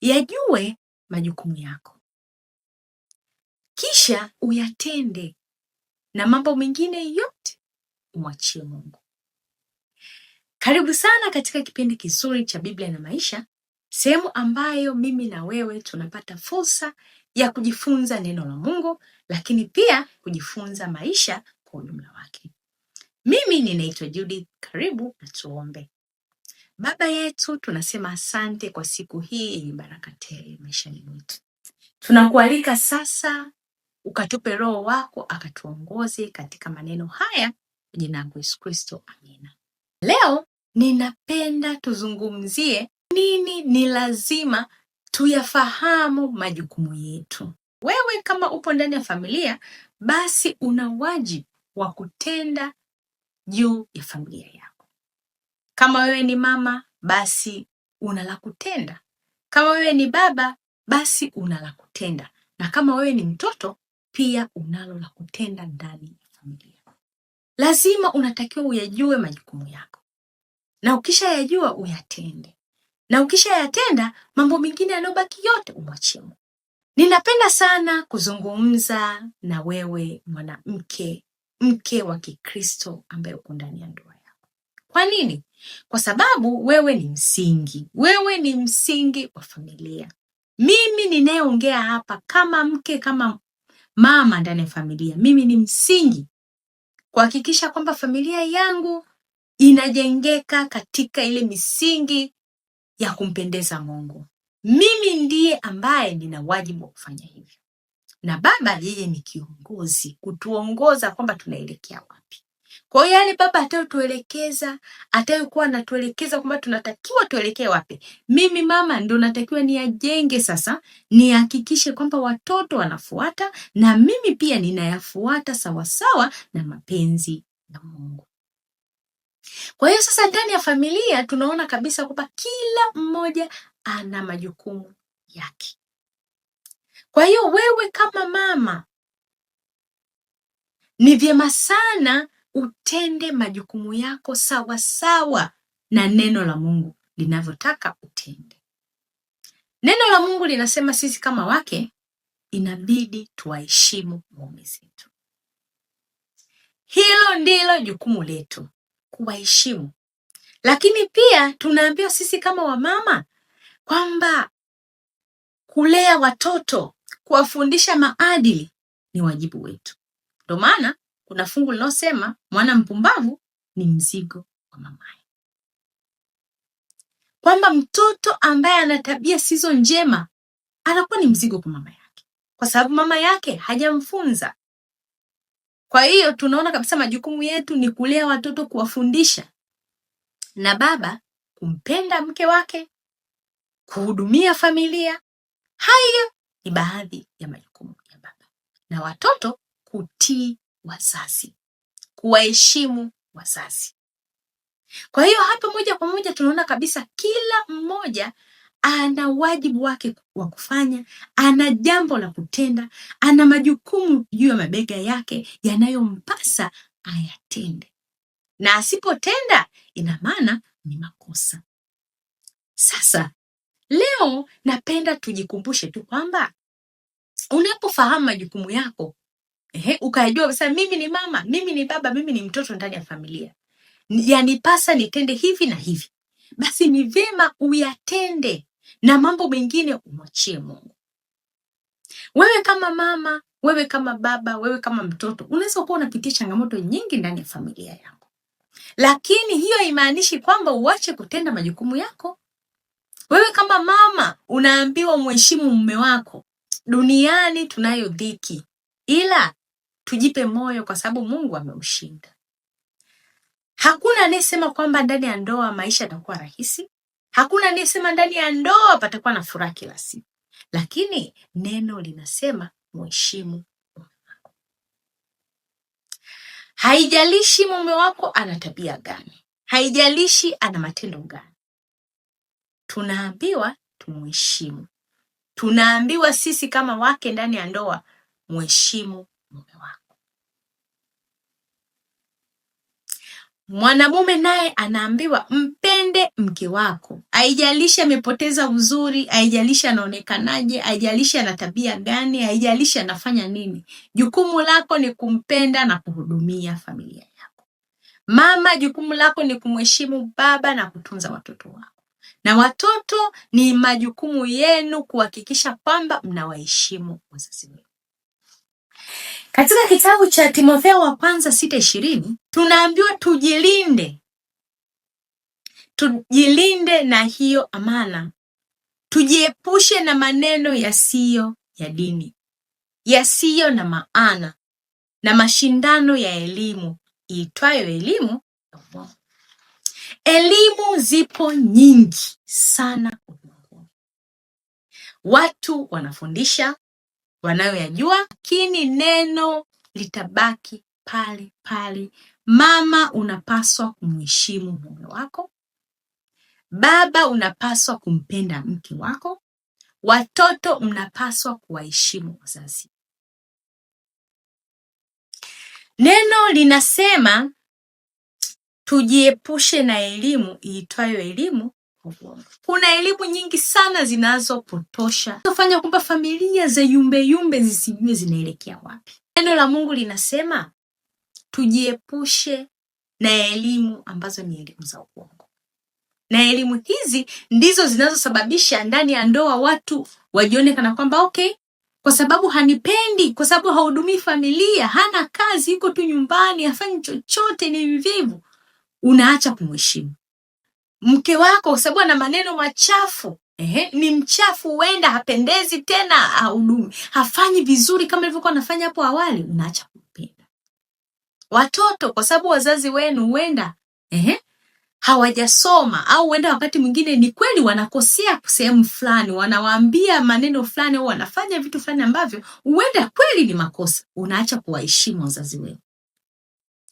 yajue majukumu yako, kisha uyatende, na mambo mengine yote umwachie Mungu. Karibu sana katika kipindi kizuri cha Biblia na Maisha, sehemu ambayo mimi na wewe tunapata fursa ya kujifunza neno la Mungu, lakini pia kujifunza maisha kwa ujumla wake. Mimi ninaitwa Judith. Karibu na tuombe. Baba yetu, tunasema asante kwa siku hii yenye baraka tele maishani mwetu. Tunakualika sasa ukatupe Roho wako akatuongoze katika maneno haya, kwa jina lako Yesu Kristo, amina. Leo ninapenda tuzungumzie nini ni lazima tuyafahamu majukumu yetu. Wewe kama upo ndani ya familia, basi una wajibu wa kutenda juu ya familia yako. Kama wewe ni mama, basi una la kutenda. Kama wewe ni baba, basi una la kutenda, na kama wewe ni mtoto pia unalo la kutenda ndani ya familia. Lazima unatakiwa uyajue majukumu yako, na ukishayajua uyatende, na ukishayatenda mambo mengine yanayobaki yote umwachie Mungu. Ninapenda sana kuzungumza na wewe mwanamke, mke wa Kikristo ambaye uko ndani ya ndoa kwa nini? Kwa sababu wewe ni msingi, wewe ni msingi wa familia. Mimi ninayeongea hapa kama mke, kama mama ndani ya familia, mimi ni msingi kuhakikisha kwamba familia yangu inajengeka katika ile misingi ya kumpendeza Mungu. Mimi ndiye ambaye nina wajibu wa kufanya hivyo, na Baba yeye ni kiongozi, kutuongoza kwamba tunaelekea wapi. Kwa hiyo yale yaani baba atayotuelekeza atayokuwa anatuelekeza kwamba tunatakiwa tuelekee wapi, mimi mama ndo natakiwa niyajenge sasa, nihakikishe kwamba watoto wanafuata na mimi pia ninayafuata sawasawa na mapenzi ya Mungu. Kwa hiyo sasa, ndani ya familia tunaona kabisa kwamba kila mmoja ana majukumu yake. Kwa hiyo wewe kama mama, ni vyema sana utende majukumu yako sawasawa sawa na neno la Mungu linavyotaka utende. Neno la Mungu linasema sisi kama wake inabidi tuwaheshimu mume zetu. Hilo ndilo jukumu letu, kuwaheshimu. Lakini pia tunaambiwa sisi kama wamama kwamba kulea watoto, kuwafundisha maadili ni wajibu wetu. Ndio maana kuna fungu linalosema mwana mpumbavu ni mzigo wa mamaye. Kwamba mtoto ambaye ana tabia sizo njema anakuwa ni mzigo kwa mama yake, kwa sababu mama yake hajamfunza. Kwa hiyo tunaona kabisa majukumu yetu ni kulea watoto, kuwafundisha, na baba kumpenda mke wake, kuhudumia familia. Hayo ni baadhi ya majukumu ya baba, na watoto kutii wazazi kuwaheshimu wazazi. Kwa hiyo hapa moja kwa moja tunaona kabisa kila mmoja ana wajibu wake wa kufanya, ana jambo la kutenda, ana majukumu juu ya mabega yake yanayompasa ayatende, na asipotenda ina maana ni makosa. Sasa leo napenda tujikumbushe tu kwamba unapofahamu majukumu yako Ehe, ukajua sasa mimi ni mama, mimi ni baba, mimi ni mtoto ndani ya familia. Yanipasa nitende hivi na hivi. Basi ni vyema uyatende na mambo mengine umwachie Mungu. Wewe kama mama, wewe kama baba, wewe kama mtoto, unaweza kuwa unapitia changamoto nyingi ndani ya familia yako, lakini hiyo haimaanishi kwamba uache kutenda majukumu yako. Wewe kama mama unaambiwa umheshimu mume wako. Duniani tunayo dhiki, ila Tujipe moyo kwa sababu Mungu amemshinda. Hakuna anayesema kwamba ndani ya ndoa maisha yatakuwa rahisi. Hakuna anayesema ndani ya ndoa patakuwa na furaha kila siku, lakini neno linasema mheshimu Haijalishi mume wako ana tabia gani, haijalishi ana matendo gani, tunaambiwa tumheshimu. Tunaambiwa sisi kama wake ndani ya ndoa, mheshimu mume wako. Mwanamume naye anaambiwa mpende mke wako, haijalishi amepoteza uzuri, haijalishi anaonekanaje, haijalishi ana tabia gani, haijalishi anafanya nini. Jukumu lako ni kumpenda na kuhudumia familia yako. Mama, jukumu lako ni kumheshimu baba na kutunza watoto wako, na watoto ni majukumu yenu kuhakikisha kwamba mnawaheshimu wazazi wenu. Katika kitabu cha Timotheo wa kwanza sita ishirini tunaambiwa tujilinde, tujilinde na hiyo amana, tujiepushe na maneno yasiyo ya dini, yasiyo na maana na mashindano ya elimu iitwayo elimu Elimu zipo nyingi sana ulimwenguni, watu wanafundisha wanayoyajua, lakini neno litabaki pale pale. Mama, unapaswa kumheshimu mume wako. Baba, unapaswa kumpenda mke wako. Watoto, mnapaswa kuwaheshimu wazazi. Neno linasema tujiepushe na elimu iitwayo elimu kuna elimu nyingi sana zinazopotosha zinazofanya kwamba familia za yumbeyumbe zisijue zinaelekea wapi. Neno la Mungu linasema tujiepushe na elimu ambazo ni elimu za uongo, na elimu hizi ndizo zinazosababisha ndani ya ndoa watu wajione kana kwamba okay, kwa sababu hanipendi, kwa sababu hahudumii familia, hana kazi, yuko tu nyumbani, hafanyi chochote, ni mvivu, unaacha kumheshimu mke wako, sababu ana maneno machafu Ehe, ni mchafu, huenda hapendezi tena, hahudumi, hafanyi vizuri kama ilivyokuwa anafanya hapo awali, unaacha kumpenda. Watoto, kwa sababu wazazi wenu huenda ehe, hawajasoma au huenda wakati mwingine ni kweli wanakosea sehemu fulani, wanawaambia maneno fulani au wanafanya vitu fulani ambavyo huenda kweli ni makosa, unaacha kuwaheshimu wazazi wenu,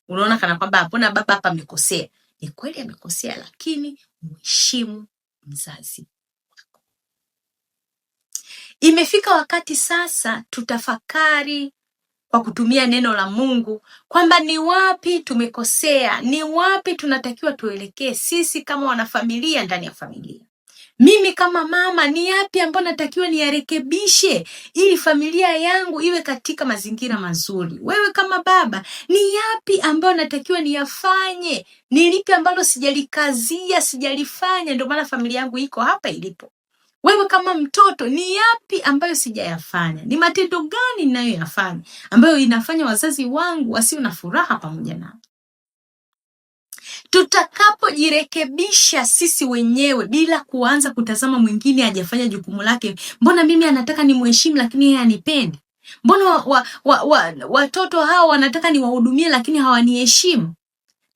unaona kana kwamba hapana, baba hapa amekosea ni kweli amekosea, lakini mheshimu mzazi wako. Imefika wakati sasa tutafakari kwa kutumia neno la Mungu kwamba ni wapi tumekosea, ni wapi tunatakiwa tuelekee sisi kama wanafamilia ndani ya familia. Mimi kama mama, ni yapi ambayo natakiwa niyarekebishe ili familia yangu iwe katika mazingira mazuri? Wewe kama baba, ni yapi ambayo natakiwa niyafanye? Ni lipi ambalo sijalikazia, sijalifanya, ndio maana familia yangu iko hapa ilipo? Wewe kama mtoto, ni yapi ambayo sijayafanya? Ni matendo gani ninayoyafanya ambayo inafanya wazazi wangu wasio na furaha pamoja nao? tutakapojirekebisha sisi wenyewe bila kuanza kutazama mwingine ajafanya jukumu lake. Mbona mimi anataka nimheshimu, lakini yeye hanipendi? Mbona wa, wa, wa, wa, watoto hawa wanataka niwahudumie, lakini hawaniheshimu?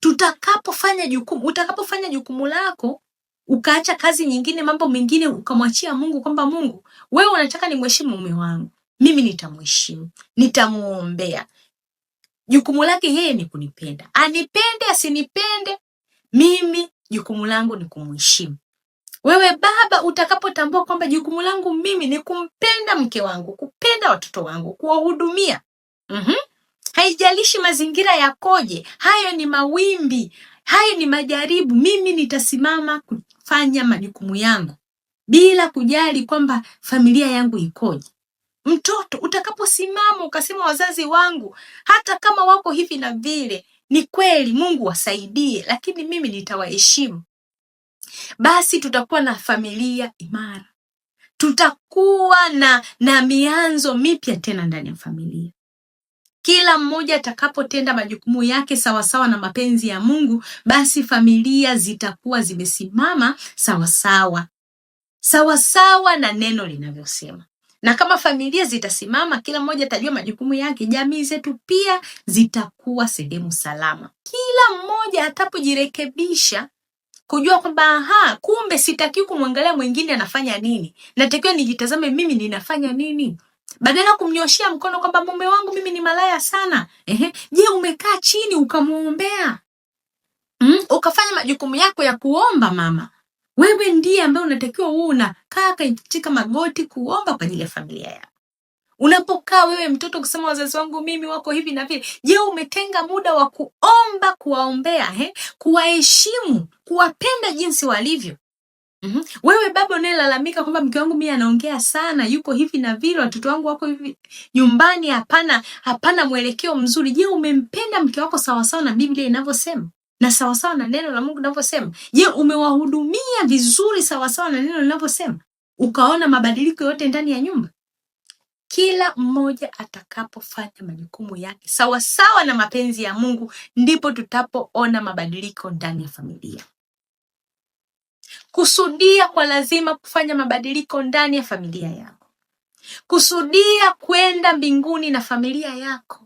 Tutakapofanya jukumu, utakapofanya jukumu lako ukaacha kazi nyingine, mambo mengine ukamwachia Mungu, kwamba Mungu, wewe unataka nimheshimu mume wangu, mimi nitamheshimu, nitamuombea. Jukumu lake yeye ni kunipenda, anipende asinipende, mimi jukumu langu ni kumheshimu. Wewe baba utakapotambua kwamba jukumu langu mimi ni kumpenda mke wangu, kupenda watoto wangu, kuwahudumia mm -hmm. Haijalishi mazingira yakoje, hayo ni mawimbi, hayo ni majaribu, mimi nitasimama kufanya majukumu yangu bila kujali kwamba familia yangu ikoje. Mtoto utakaposimama ukasema, wazazi wangu hata kama wako hivi na vile ni kweli Mungu wasaidie, lakini mimi nitawaheshimu. Basi tutakuwa na familia imara, tutakuwa na, na mianzo mipya tena ndani ya familia. Kila mmoja atakapotenda majukumu yake sawasawa na mapenzi ya Mungu, basi familia zitakuwa zimesimama sawasawa sawasawa na neno linavyosema na kama familia zitasimama, kila mmoja atajua majukumu yake, jamii zetu pia zitakuwa sehemu salama. Kila mmoja atapojirekebisha kujua kwamba aha, kumbe sitaki kumwangalia mwingine anafanya nini, natakiwa nijitazame mimi ninafanya nini, badala ya kumnyoshea mkono kwamba mume wangu mimi ni malaya sana. Ehe, je, umekaa chini ukamwombea? Mm, ukafanya majukumu yako ya kuomba mama wewe ndiye ambaye unatakiwa uwe unakaa katika magoti kuomba kwa ajili ya familia yako. Unapokaa wewe mtoto kusema wazazi wangu mimi wako hivi na vile, je, umetenga muda wa kuomba, kuwaombea, eh, kuwaheshimu, kuwapenda jinsi walivyo? Mm -hmm. Wewe baba unayelalamika kwamba mke wangu mimi anaongea sana, yuko hivi na vile, watoto wangu wako hivi nyumbani, hapana hapana mwelekeo mzuri. Je, umempenda mke wako sawasawa na Biblia inavyosema? na sawasawa na neno la Mungu linavyosema. Je, umewahudumia vizuri sawasawa na neno linavyosema? Ukaona mabadiliko yote ndani ya nyumba? Kila mmoja atakapofanya majukumu yake sawasawa na mapenzi ya Mungu, ndipo tutapoona mabadiliko ndani ya familia. Kusudia kwa lazima kufanya mabadiliko ndani ya familia yako, kusudia kwenda mbinguni na familia yako.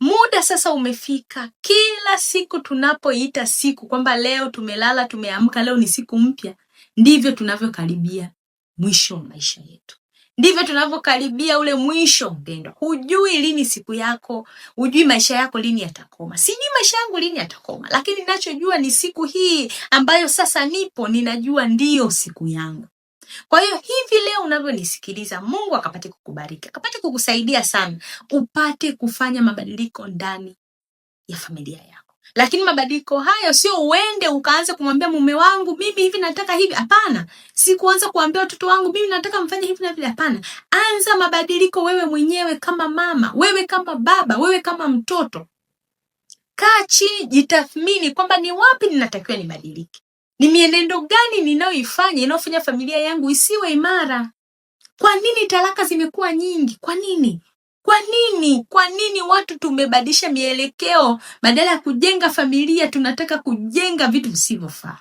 Muda sasa umefika, kila siku tunapoita siku kwamba leo tumelala, tumeamka, leo ni siku mpya, ndivyo tunavyokaribia mwisho wa maisha yetu, ndivyo tunavyokaribia ule mwisho. Mpendwa, hujui lini siku yako, hujui maisha yako lini yatakoma. Sijui maisha yangu lini yatakoma, lakini ninachojua ni siku hii ambayo sasa nipo, ninajua ndiyo siku yangu. Kwa hiyo hivi leo unavyonisikiliza, Mungu akapate kukubariki, akapate kukusaidia sana, upate kufanya mabadiliko ndani ya familia yako. Lakini mabadiliko hayo sio uende ukaanza kumwambia mume wangu mimi hivi nataka hivi. Hapana, si kuanza kuambia watoto wangu mimi nataka mfanye hivi na vile. Hapana, anza mabadiliko wewe mwenyewe, kama mama, wewe kama baba, wewe kama mtoto. Kaa chini, jitathmini kwamba ni wapi ninatakiwa nibadilike. Ni mienendo gani ninayoifanya inayofanya familia yangu isiwe imara? Kwa nini talaka zimekuwa nyingi? Kwa nini? Kwa nini? Kwa nini watu tumebadilisha mielekeo? Badala ya kujenga familia, tunataka kujenga vitu visivyofaa.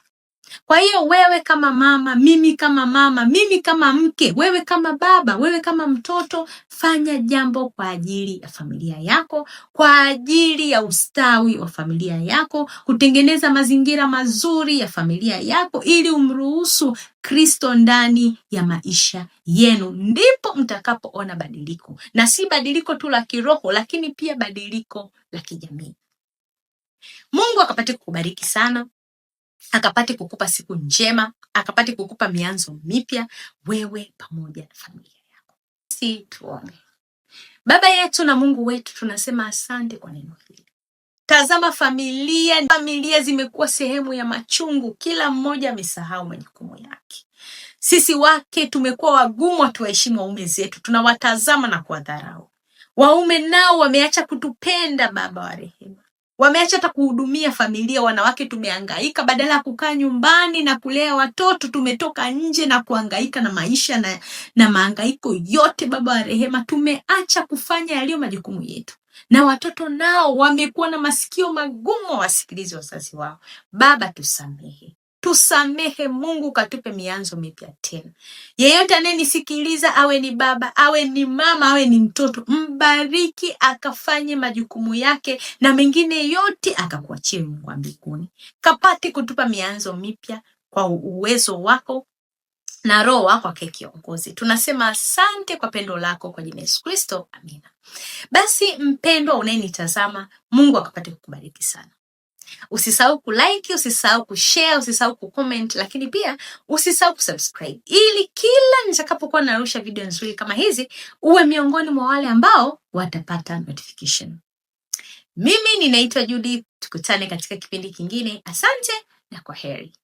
Kwa hiyo wewe kama mama, mimi kama mama, mimi kama mke, wewe kama baba, wewe kama mtoto, fanya jambo kwa ajili ya familia yako, kwa ajili ya ustawi wa familia yako, kutengeneza mazingira mazuri ya familia yako ili umruhusu Kristo ndani ya maisha yenu, ndipo mtakapoona badiliko, na si badiliko tu la kiroho, lakini pia badiliko la kijamii. Mungu akapate kukubariki sana akapate kukupa siku njema, akapate kukupa mianzo mipya wewe pamoja na familia yako. Si tuombe. Baba yetu na Mungu wetu, tunasema asante kwa neno hili. Tazama familia, familia zimekuwa sehemu ya machungu, kila mmoja amesahau majukumu yake. Sisi wake tumekuwa wagumu, hatuwaheshimu waume zetu, tunawatazama na kuwadharau. Waume nao wameacha kutupenda, Baba wa rehema wameacha hata kuhudumia familia. Wanawake tumehangaika, badala ya kukaa nyumbani na kulea watoto tumetoka nje na kuhangaika na maisha na, na mahangaiko yote. Baba wa rehema, tumeacha kufanya yaliyo majukumu yetu, na watoto nao wamekuwa na masikio magumu wasikilize wazazi wao. Baba tusamehe, tusamehe Mungu, katupe mianzo mipya tena. Yeyote anayenisikiliza awe ni baba, awe ni mama, awe ni mtoto, mbariki akafanye majukumu yake na mengine yote akakuachie Mungu wa mbinguni. Kapate kutupa mianzo mipya kwa uwezo wako na roho wako akae kiongozi. Tunasema asante kwa pendo lako kwa jina Yesu Kristo, amina. Basi mpendwa, unayenitazama, Mungu akapate kukubariki sana. Usisahau kulike, usisahau kushare, usisahau kucomment, lakini pia usisahau kusubscribe ili kila nitakapokuwa narusha video nzuri kama hizi uwe miongoni mwa wale ambao watapata notification. Mimi ninaitwa Judith, tukutane katika kipindi kingine. Asante na kwa heri.